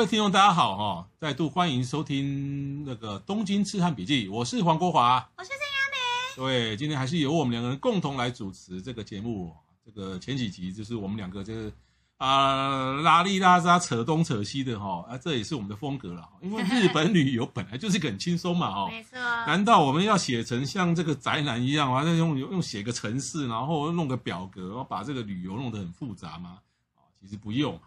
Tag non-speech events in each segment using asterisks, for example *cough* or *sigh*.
各位聽眾大家好哈，再度歡迎收聽那個《東京痴漢筆記》，我是黃國華，我是鄭亞梅。對，今天還是由我們兩個人共同來主持這個節目。這個前幾集就是我們兩個就是啊、呃、拉里拉雜扯東扯西的哈，啊、呃、這也是我們的風格了。因為日本旅遊本來就是一個很輕鬆嘛哈，沒錯。難道我們要寫成像這個宅男一樣，反正用用寫個程式，然後弄個表格，然後把這個旅遊弄得很複雜嗎？其實不用。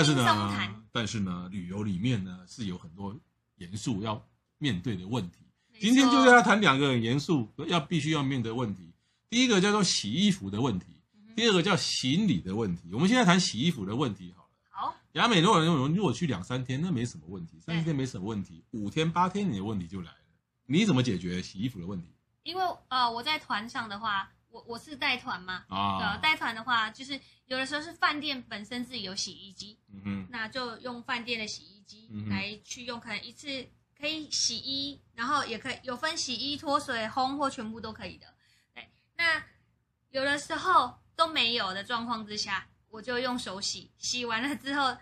但是呢，但是呢，旅遊裡面呢，是有很多嚴肅要面對的問題。錯今天就是要談兩個很嚴肅要必須要面對的問題。第一個叫做洗衣服的問題，嗯、哼第二個叫行李的問題。我們現在談洗衣服的問題好了。好。亞美，如果如果去兩三天，那沒什麼問題；三、四天沒什麼問題；對五天、八天，你的問題就來了。你怎麼解決洗衣服的問題？因為呃，我在團上的話。我是帶團嘛，哦，帶團的話，就是有的時候是飯店本身是有洗衣機，嗯嗯，那就用飯店的洗衣機來去用，可能一次可以洗衣，然後也可以有分洗衣、脫水、烘或全部都可以的。對，那有的時候都沒有的狀況之下，我就用手洗，洗完了之後，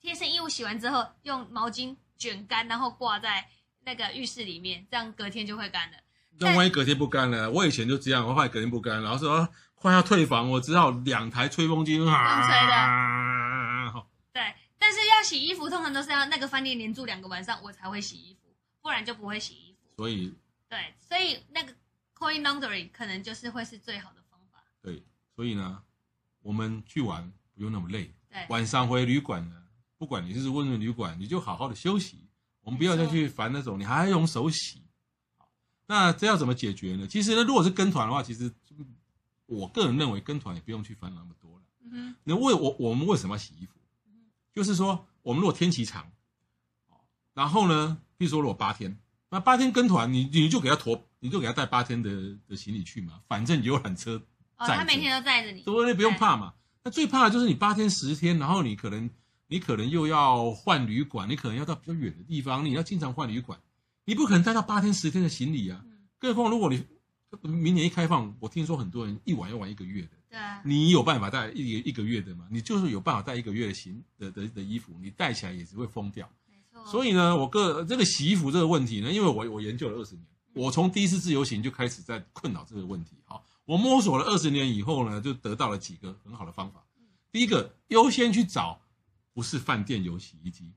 貼身衣物洗完之後用毛巾捲乾，然後掛在那個浴室裡面，這樣隔天就會乾了。那萬一隔天不乾了，對我以前就這樣，我怕隔天不乾，然後說快要退房，我只好兩台吹風機啊。對，但是要洗衣服，通常都是要那個飯店連住兩個晚上，我才會洗衣服，不然就不會洗衣服。所以對，所以那個 coin laundry 可能就是會是最好的方法。對，所以呢，我們去玩不用那麼累。對，晚上回旅館呢，不管你是問、問旅館，你就好好的休息。我們不要再去煩那種你，說你還要用手洗。那這要怎麼解決呢？其實呢，如果是跟團的話，其實我個人認為跟團也不用去煩惱那麼多了。嗯哼，你問我，我們為什麼要洗衣服？嗯、哼就是說，我們如果天期長，然後呢，比如說如果八天，那八天跟團，你你就給他馱，你就給他帶八天的的行李去嘛，反正遊覽車哦，他每天都載着你，對，不用怕嘛。那對最怕的就是你八天十天，然後你可能你可能又要換旅館，你可能要到比較遠的地方，你要經常換旅館。你不可能帶到八天十天的行李啊，更何況如果你明年一開放，我聽說很多人一玩要玩一個月的對，你有辦法帶一一個月的嗎？你就是有辦法帶一個月的行的的的衣服，你帶起來也是會瘋掉。沒錯。所以呢，我個這個洗衣服這個問題呢，因為我我研究了二十年，我從第一次自由行就開始在困擾這個問題。好，我摸索了二十年以後呢，就得到了幾個很好的方法。第一個，優先去找不是飯店有洗衣機。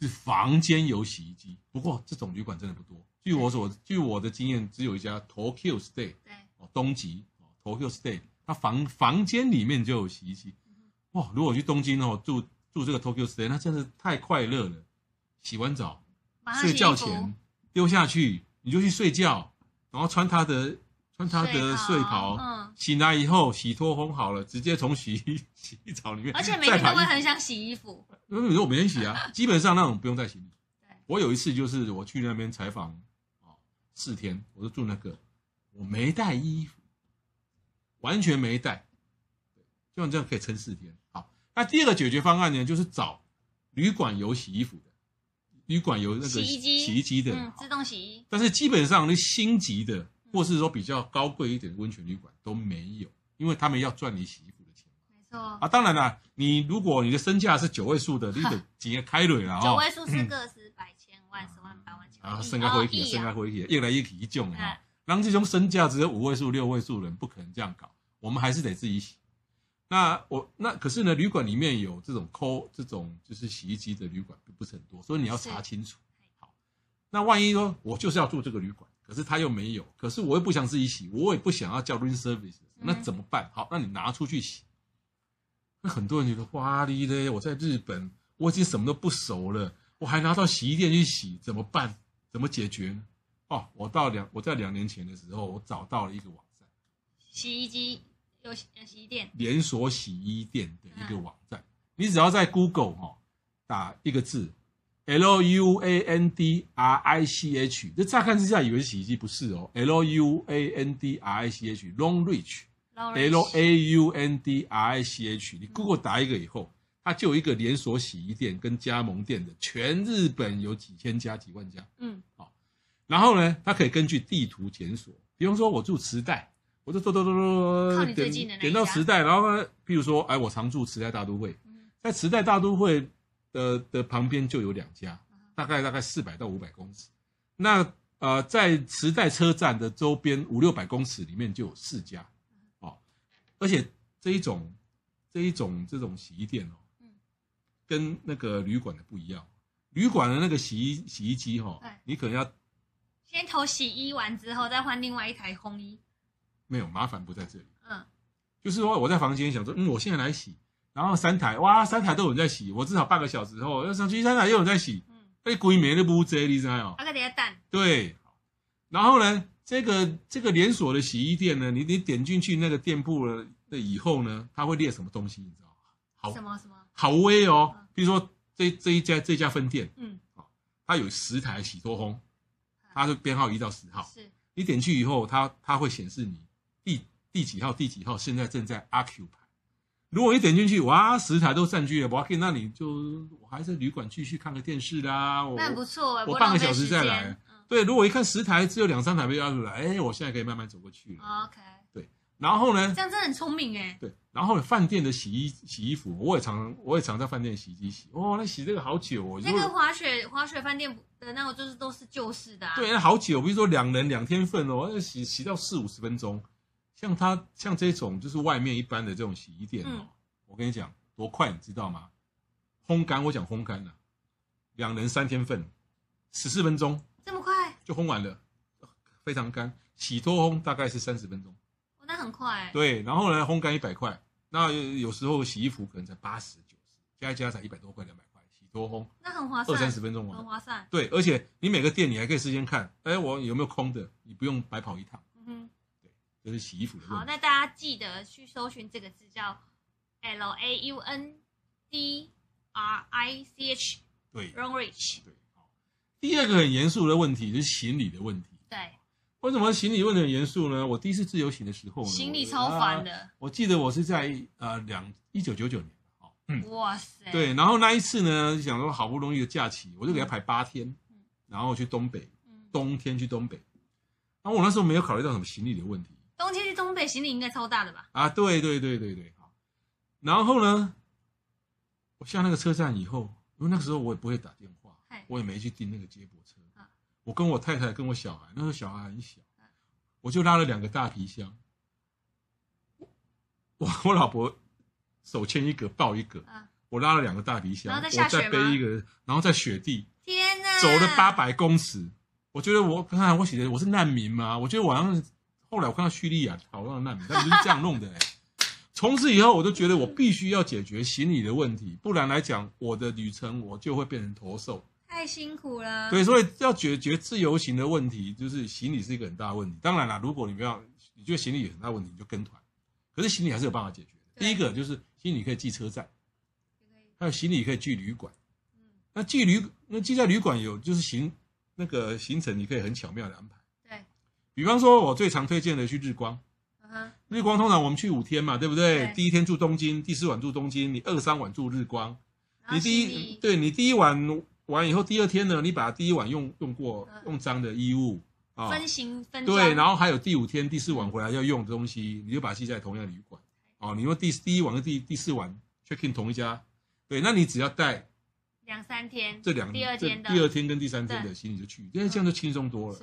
是房間有洗衣機，不過這種旅館真的不多。據我所，據我的經驗，只有一家 Tokyo State。對，哦，東極，哦，Tokyo State，它房房間裡面就有洗衣機。哇、哦，如果我去東京的話，住住這個 Tokyo State，那真的是太快樂了。洗完澡，睡覺前丟下去，你就去睡覺，然後穿它的。穿他的睡袍，嗯，醒來以後洗脫烘好了，直接從洗衣洗衣槽裡面。而且每天都會很想洗衣服，因為你說我每天洗啊，基本上那種不用再洗。我有一次就是我去那邊採訪啊，四天，我就住那個，我沒帶衣服，完全沒帶，就這樣可以撐四天。好，那第二個解決方案呢，就是找旅館有洗衣服的，旅館有那個洗衣機，洗衣機的自動洗衣。但是基本上那星級的，或是說比較高貴一點的溫泉旅館都沒有，因為他們要賺你洗衣服的錢。沒錯啊，當然了，你如果你的身價是位數九位數的，你得直接開瑞了。九位數是個十百千萬、嗯、十萬百萬千萬，升個回去，升、啊哦啊、一回去一一，越來越重。漲哈。那這種身價只有五位數、六位數人不可能這樣搞，我們還是得自己洗。那我那可是呢，旅館裡面有這種摳這種就是洗衣機的旅館不是很多，所以你要查清楚。好，那萬一說我就是要住這個旅館。可是它又沒有，可是我又不想自己洗，我也不想要叫 room service，那怎麼辦？好，那你拿出去洗。那很多人覺得哇哩咧，我在日本，我已經什麼都不熟了，我還拿到洗衣店去洗，怎麼辦？怎麼解決呢？哦，我到兩我在兩年前的時候，我找到了一個網站，洗衣機有洗，洗衣店連鎖洗衣店的一個網站，你只要在 Google 哈打一個字。Luanrich，這乍看之下以為是洗衣機，不是哦。Luanrich，Longrich，Luanrich，你 Google 打一個以後，嗯、它就有一個連鎖洗衣店跟加盟店的，全日本有幾千家、幾萬家。嗯，好。然後呢，它可以根據地圖檢索，比方說我住池袋，我就做做做做，靠你最近的那家，點到池袋，然後呢，譬如說，哎，我常住池袋大都會，在、嗯、池袋大都會。的的旁邊就有兩家，大概大概四百到五百公尺。那呃在池袋車站的周邊五六百公尺裡面就有四家，哦，而且這一種這一種這種洗衣店哦，跟那個旅館的不一樣。旅館的那個洗衣洗衣機哈、哦，對你可能要先投洗衣完之後再換另外一台烘衣。沒有，麻煩不在這裡。嗯，就是說我在房間想說，嗯，我現在來洗。然後三台哇，三台都有人在洗，我至少半個小時後要上去，三台又有人在洗，被鬼沒都不吉利，你知道沒有？阿哥點下蛋。對，然後呢，這個這個連鎖的洗衣店呢，你你點進去那個店鋪了那以後呢，它會列什麼東西，你知道嗎？好什麼什麼？好微哦！比如說這這一家這一家分店，嗯，它有十台洗脫烘，它的編號一到十號，是你點去以後，它它會顯示你第第幾號第幾號現在正在 occupy。如果一點進去，哇，十台都佔據了，不可以。那你就我還在旅館繼續看個電視啦。那不錯，我半個小時再來。對，如果一看十台只有兩三台被要出來，哎，我現在可以慢慢走過去了。Oh, OK。對，然後呢。這樣真的很聰明耶。對，然後飯店的洗衣洗衣服，我也常我也常在飯店洗衣機洗，洗。哦，那洗這個好久哦。那個滑雪滑雪飯店的那個就是都是舊式的。啊，對，那好久，比如說，兩人兩天份哦，那洗洗到四五十分鐘。像他像這種就是外面一般的這種洗衣店哦，嗯、我跟你講多快你知道嗎？烘乾我講烘乾了、啊，兩人三天份，十四分鐘，這麼快就烘完了，非常乾。洗脫烘大概是三十分鐘、哦，那很快。對，然後呢烘乾一百塊，那有時候洗衣服可能才八十九十，加一加才一百多塊兩百塊，洗脫烘那很划算，二三十分鐘啊，很划算。對，而且你每個店你還可以事先看，哎，我有沒有空的，你不用白跑一趟。就是洗衣服的話。好，那大家記得去搜尋這個字叫 l a u n d r i c h 對 ronrich 對。第二個很嚴肅的問題就是行李的問題。對，為什麼行李問的很嚴肅呢？我第一次自由行的時候呢，行李超煩的。我、啊。我記得我是在呃兩一九九九年嗯，哇塞，對。然後那一次呢，想說好不容易的假期，我就給他排八天，嗯、然後去東北，冬天去東北。然後我那時候沒有考慮到什麼行李的問題。行李應該超大的吧？啊，對對對對對，好。然後呢，我下那個車站以後，因為那個時候我也不會打電話，嘿我也沒去訂那個接駁車。啊、我跟我太太跟我小孩，那時、個、候小孩很小，啊、我就拉了兩個大皮箱。嗯、我我老婆手牽一個抱一個，啊、我拉了兩個大皮箱，再我再背一個，然後在雪地，天哪走了八百公尺。我覺得我看、啊、我寫的我是難民嗎？我覺得我好像。後來我看到敘利亞跑到那裡，他們就是這樣弄的、欸。 *laughs* 從此以後，我就覺得我必須要解決行李的問題，不然來講，我的旅程我就會變成駝獸，太辛苦了。對，所以要解決自由行的問題，就是行李是一個很大的問題。當然了，如果你不要，你覺得行李有很大問題，你就跟團。可是行李還是有辦法解決。對第一個就是行李可以寄車站，對還有行李可以寄旅館。嗯、那寄旅，那寄在旅館有，就是行那個行程，你可以很巧妙的安排。比方說，我最常推薦的去日光，日光通常我們去五天嘛，對不對？對，第一天住東京，第四晚住東京，你二三晚住日光，你第一對你第一晚完以後，第二天呢，你把第一晚用用過用髒的衣物啊，嗯哦、分型分對，然後還有第五天第四晚回來要用的東西，你就把它記在同樣的旅館對哦。你用第一第一晚跟第第四晚去 check in 同一家，對，那你只要帶兩,兩三天，這兩第二天的第二天跟第三天的行李對就去，因為這樣就輕鬆多了。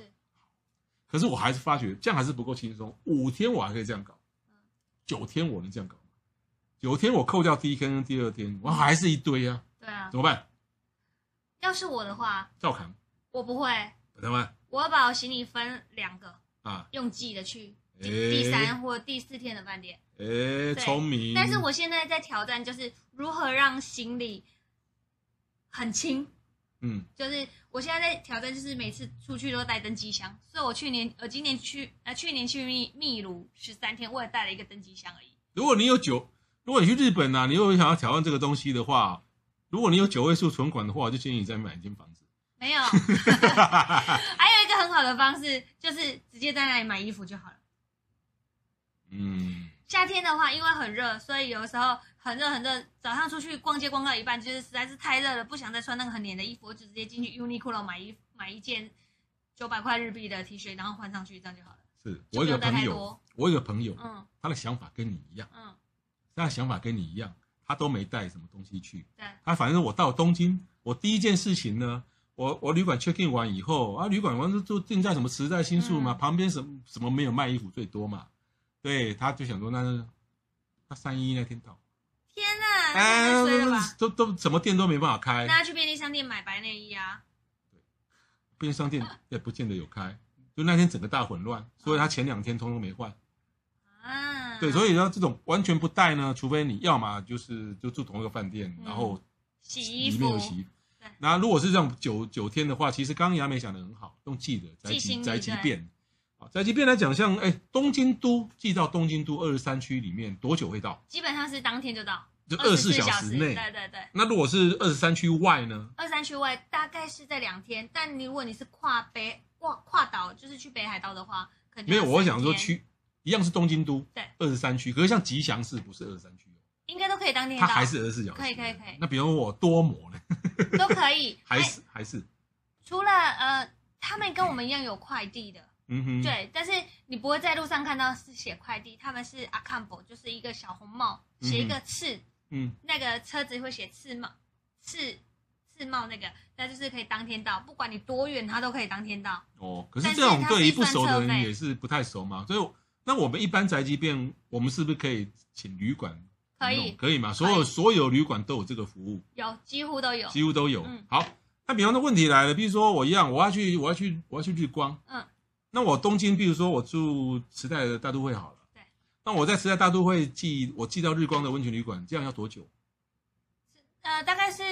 可是我還是發覺這樣還是不夠輕鬆。五天我還可以這樣搞，九天我能這樣搞？九天我扣掉第一天跟第二天，我還是一堆啊。對啊，怎麼辦？要是我的話，照扛砍。我不會。怎麼辦？我要把我行李分兩個啊，用寄的去、欸、第三或第四天的飯店。哎、欸，聰對明。但是我現在在挑戰，就是如何讓行李很輕。嗯，就是我現在在挑戰，就是每次出去都帶登機箱。所以，我去年、呃，今年去、呃，去年去秘秘魯十三天，我也帶了一個登機箱而已。如果你有九，如果你去日本啊，你如果想要挑戰這個東西的話，如果你有九位數存款的話，我就建議你再買一間房子。沒有， *laughs* *laughs* 還有一個很好的方式，就是直接在那裡買衣服就好了。嗯，夏天的話，因為很熱，所以有時候。很熱很熱，早上出去逛街逛到一半，就是實在是太熱了，不想再穿那個很黏的衣服，我就直接進去 Uniqlo 買一買一件九百塊日幣的 T 恤，然後換上去這樣就好了。是有我有個朋友，我有個朋友，嗯，他的想法跟你一樣，嗯，他的想法跟你一樣，他都沒帶什麼東西去，對，他反正我到東京，我第一件事情呢，我我旅館 check in 完以後啊，旅館完就定在什麼池袋新宿嘛，嗯、旁邊什麼什麼沒有賣衣服最多嘛，對，他就想說那他三一那天到。天吶、哎，都都什麼店都沒辦法開。大家去便利商店買白內衣啊？對，便利商店也不見得有開。呃、就那天整個大混亂，所以他前兩天通通沒換。啊，對，所以說這種完全不帶呢，除非你要嘛就是就住同一個飯店，嗯、然後洗，洗衣服。那如果是這樣九九天的話，其實剛剛亞美想的很好，用寄的，宅急宅急便。在這邊來講，像哎，東京都寄到東京都二十三區裡面多久會到？基本上是當天就到24，就二十四小時內。對對對。那如果是二十三區外呢？二十三區外大概是這兩天，但你如果你是跨北跨跨島，就是去北海道的話，肯定沒有。我想說，區，區一樣是東京都，對，二十三區。可是像吉祥寺不是二十三區哦，應該都可以當天。他還是二十四小時可，可以可以可以。那比如說我多摩呢？ *laughs* 都可以。還是、哎、還是，除了呃，他們跟我們一樣有快遞的。嗯嗯哼，對，但是你不會在路上看到是寫快遞，他們是阿康博，就是一個小紅帽，寫一個次、嗯，嗯，那個車子會寫次帽次次帽那個，那就是可以當天到，不管你多遠，他都可以當天到。哦，可是這種對於不熟的人也是不太熟嘛，嗯、哼所以那我們一般宅急便，我們是不是可以請旅館？可以有有，可以嗎？所有以所有旅館都有這個服務，有幾乎都有，幾乎都有。都有嗯，好，那比方說問題來了，比如說我一樣，我要去我要去我要去我要去逛，嗯。那我東京，比如說我住池袋的大都會好了，對。那我在池袋大都會寄，我寄到日光的溫泉旅館，這樣要多久？是呃，大概是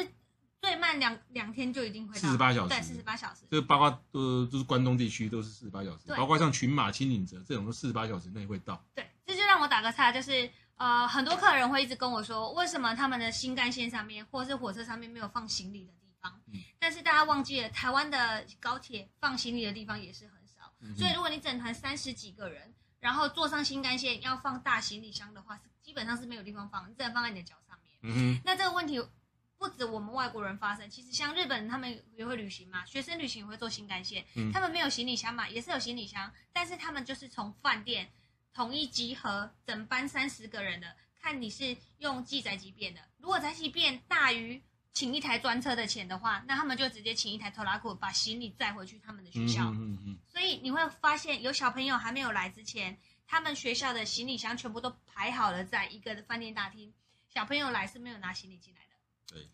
最慢兩兩天就一定會到，四十八小時，對，四十八小時。就包括呃，就是關東地區都是四十八小時，對包括像群馬、輕井澤這種都四十八小時內會到。對，這就讓我打個岔，就是呃，很多客人會一直跟我說，為什麼他們的新幹線上面或是火車上面沒有放行李的地方？嗯。但是大家忘記了，台灣的高鐵放行李的地方也是很。 *music* 所以，如果你整團三十幾個人，然後坐上新幹線要放大行李箱的話，是基本上是沒有地方放，你只能放在你的腳上面。嗯， *music* 那這個問題不止我們外國人發生，其實像日本人他們也會旅行嘛，學生旅行也會坐新干線，他們沒有行李箱嘛，也是有行李箱，但是他們就是從飯店統一集合，整班三十個人的，看你是用寄宅急便的，如果宅急便大於。請一台專車的錢的話，那他們就直接請一台拖拉庫把行李載回去他們的學校。嗯哼、嗯哼，所以你會發現，有小朋友還沒有來之前，他們學校的行李箱全部都排好了，在一個飯店大廳。小朋友來是沒有拿行李進來的。對。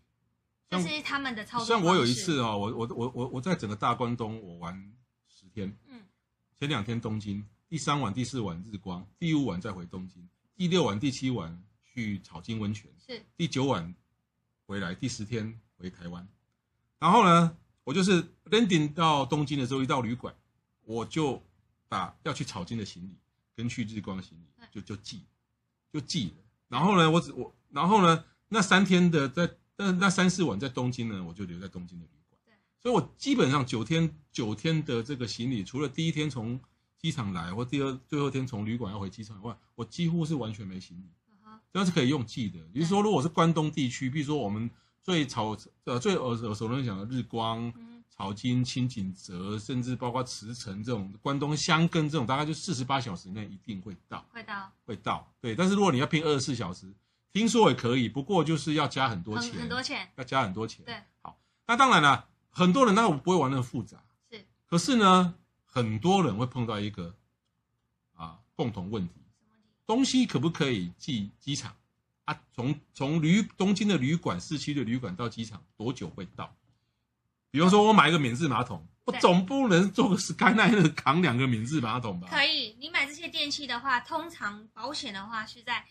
這是他們的操作。像我有一次啊、哦，我我我我我在整個大關東，我玩十天。嗯。前兩天東京，第三晚第四晚日光，第五晚再回東京，第六晚第七晚去草津溫泉，是。第九晚。回來第十天回台灣，然後呢，我就是 landing 到東京的時候，一到旅館，我就把要去草津的行李跟去日光的行李就就寄，就寄了。然後呢，我只我，然後呢，那三天的在，那那三四晚在東京呢，我就留在東京的旅館。所以我基本上九天九天的這個行李，除了第一天從機場來，或第二最後一天從旅館要回機場以外，我幾乎是完全沒行李。這樣是可以用寄的，比如說，如果是關東地區，比如說我們最潮，呃最耳耳熟能詳的日光、嗯，草津、輕井澤，甚至包括茨城這種關東箱根這種，大概就四十八小時內一定會到，會到會到。對，但是如果你要拼二十四小時，聽說也可以，不過就是要加很多錢，很多錢要加很多錢。對，好，那當然了，很多人那我不會玩那麼複雜，是。可是呢，很多人會碰到一個啊共同問題。東西可不可以寄機場啊？從從旅東京的旅館、市區的旅館到機場多久會到？比方說，我買一個免治馬桶，對我總不能坐個是 k y 扛兩個免治馬桶吧？可以，你買這些電器的話，通常保險的話是在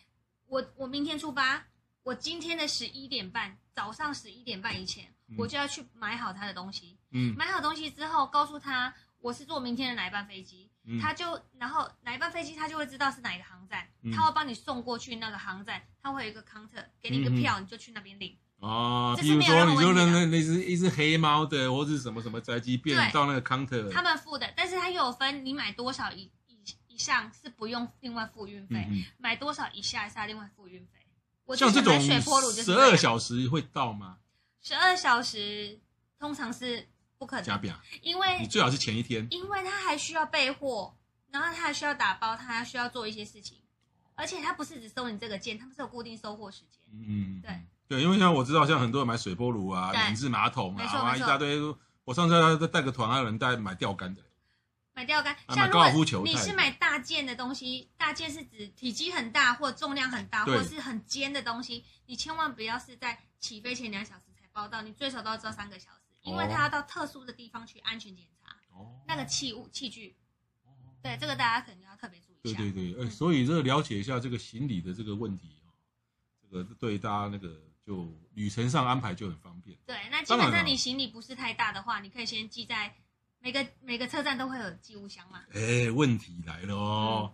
我我明天出發，我今天的十一點半、早上十一點半以前，我就要去買好他的東西。嗯，買好東西之後告訴他，我是坐明天的哪一班飛機。嗯、他就然後哪一班飛機，他就會知道是哪一個航站。嗯、他會幫你送過去那個航站，他會有一個 counter 給你一個票，嗯嗯，你就去那邊領。哦，比如說你就那那那只一只黑貓的，或者什麼什麼宅急便，到那個 counter。他們付的，但是他又有分，你買多少一以以，以上是不用另外付運費，嗯嗯買多少以下是要另外付運費。像這種十二小時會到嗎？十二小時通常是。不可能，因為你最好是前一天，因為他還需要備貨，然後他還需要打包，他還需要做一些事情，而且他不是只收你這個件，他們是有固定收貨時間。嗯，對對，因為像我知道，像很多人買水波爐啊、免治對馬桶啊，一大堆。我上次在帶個團，還有人帶買釣竿的，買釣竿。像高爾夫球，你是買大件的東西，大件是指體積很大或重量很大，對或是很尖的東西，你千萬不要是在起飛前兩小時才報到，你最少都要知道三個小時。因為他要到特殊的地方去安全檢查，哦、那個器物、器具，哦、對這個大家肯定要特別注意一下。對對對、嗯，所以這個了解一下這個行李的這個問題、嗯、這個對大家那個就旅程上安排就很方便。對，那基本上你行李不是太大的話，你可以先寄在每個每個車站都會有寄物箱嘛。哎，問題來了哦，嗯、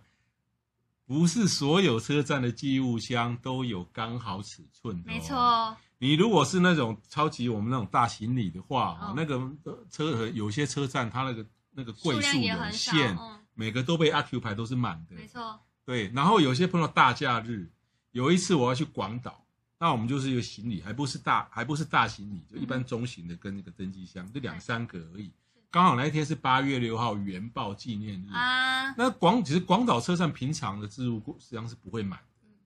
不是所有車站的寄物箱都有剛好尺寸的、哦，沒錯、哦。你如果是那種超級我們那種大行李的話、啊，哦、那個車是有些車站它那個那個櫃數有限，哦、每個都被 occupy 都是滿的。沒錯。對，然後有些碰到大假日，有一次我要去廣島，那我們就是一個行李，還不是大，還不是大行李，就一般中型的跟那個登機箱，嗯、就兩三個而已。是剛好那一天是八月六號，原爆紀念日啊。那廣其實廣島車站平常的置物櫃實際上是不會滿。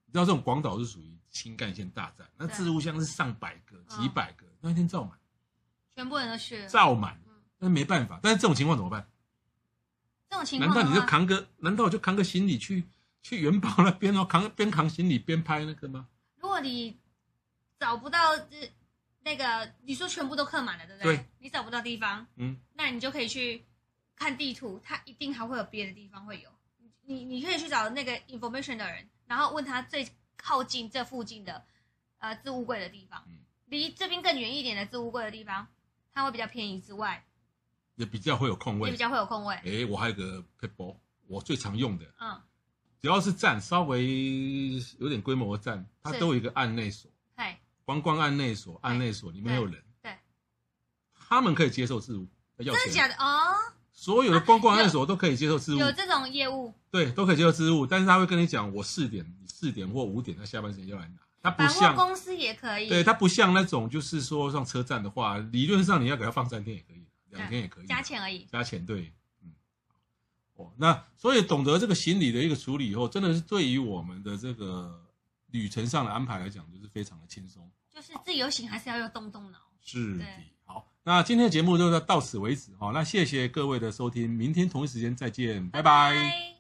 你知道這種廣島是屬於新幹線大戰，那置物箱是上百個、對幾百個，哦、那天照滿，全部人都去了，照滿滿。嗯、但那沒辦法。但是這種情況怎麼辦？這種情況，難道你就扛個？難道我就扛個行李去去原爆那邊哦，扛邊扛行李邊拍那個嗎？如果你找不到這那個，你說全部都客滿了，對不對？對。嗯、你找不到地方，嗯，那你就可以去看地圖，它一定還會有別的地方會有。你你可以去找那個 information 的人。然後問他最靠近這附近的，呃，置物櫃的地方，嗯、離這邊更遠一點的置物櫃的地方，它會比較便宜之外，也比較會有空位，也比較會有空位。哎、欸，我還有一個 pitball 我最常用的，嗯，只要是站稍微有點規模的站，它都有一個案內所，光是嘿觀光案內所，案內所裡面有人，對，對他們可以接受置物，真的假的哦？所有的公共場所都可以接受置物，啊，有這種業務，對，都可以接受置物，但是他會跟你講，我四點，四點或五點，他下班時間就來拿，他不像公司也可以，對，他不像那種就是說像車站的話，理論上你要給他放三天也可以，兩天也可以，加錢而已，加錢，對，嗯，哦，那所以懂得這個行李的一個處理以後，真的是對於我們的這個旅程上的安排來講，就是非常的輕鬆，就是自由行還是要用動動腦，是的。那今天的節目就到此為止哈，那謝謝各位的收聽，明天同一時間再見，拜拜。拜拜。